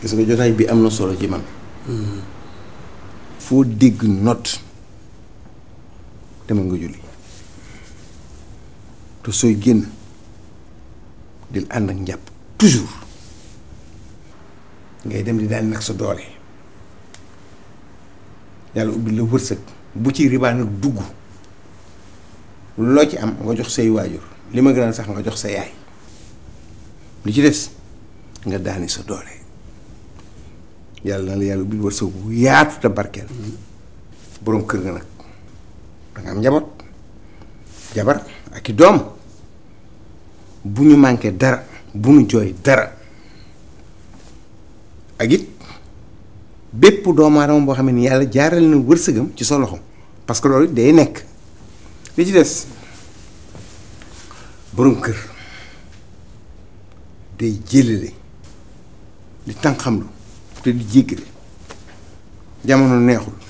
gis nga jotaay bi am na solo ci man. foo dégg note demal nga julli te sooy génn dil ànd ak njàpp toujours ngay dem di daan nag sa doole yàlla ubbi la wërsëg bu ci ribaan nag dugg loo ci am nga jox say waajur li ma gënal sax nga jox sa yaay lu ci des nga daani sa doole. yàlla na la yàlla ubbi wërsëg bu yaatu te barkeel boroom kër nga nag da am njaboot jabar ak doom bu ñu manqué dara bu dara ak it bépp doomu aadama boo xam ne yàlla jaarale na wërsëgam ci sa loxo parce que loolu day nekk li ci des boroom kër day jëlale di tànqamlu te di jéggale jamono neexul